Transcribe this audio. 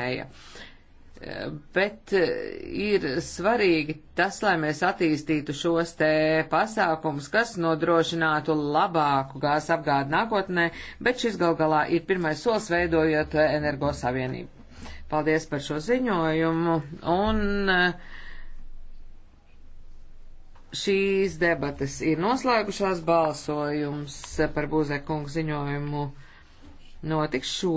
minēja. Bet e, ir svarīgi tas, lai mēs attīstītu šos te pasākums, kas nodrošinātu labāku gāzes apgādi nākotnē, bet šis gal galā ir pirmais solis veidojot energosavienību. Paldies par šo ziņojumu un e, šīs debatas ir noslēgušās balsojums par Būzekungu ziņojumu notiks šo.